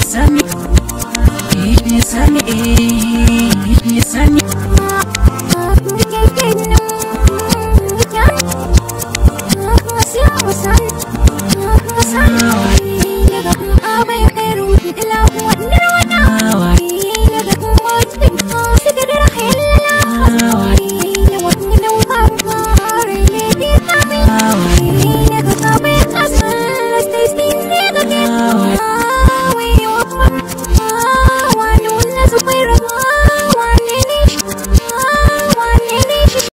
Sami, Sami, Sami,